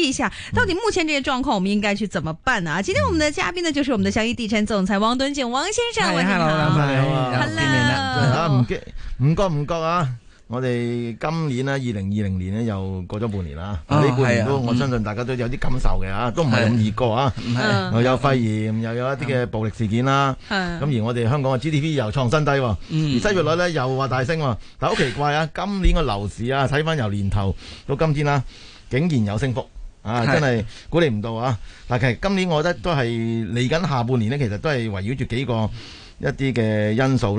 睇下到底目前這些狀況，我們應該去怎麼辦啊？嗯、今天我們的嘉賓呢，就是我們的祥益地產總裁汪敦敬汪先生。歡迎，歡迎，歡迎，好啦，唔經，唔、嗯、覺唔覺啊！我哋今年呢，二零二零年呢，又過咗半年啦。呢、哦、半年都，我相信大家都有啲感受嘅啊，都唔係咁易過啊。唔係，又肺炎，又有一啲嘅暴力事件啦。咁、嗯，而我哋香港嘅 GDP 又創新低，而失業率咧又話大升。但係好奇怪啊，今年嘅樓市啊，睇翻由年頭到今天啦，啊，竟然有升幅。是啊！真係估你唔到啊！但係其實今年我覺得都係嚟緊下半年咧，其實都係圍繞住幾個一啲嘅因素。